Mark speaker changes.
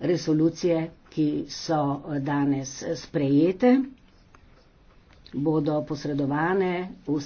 Speaker 1: resolucije, ki so eh, danes eh, sprejete, bodo posredovane vsem.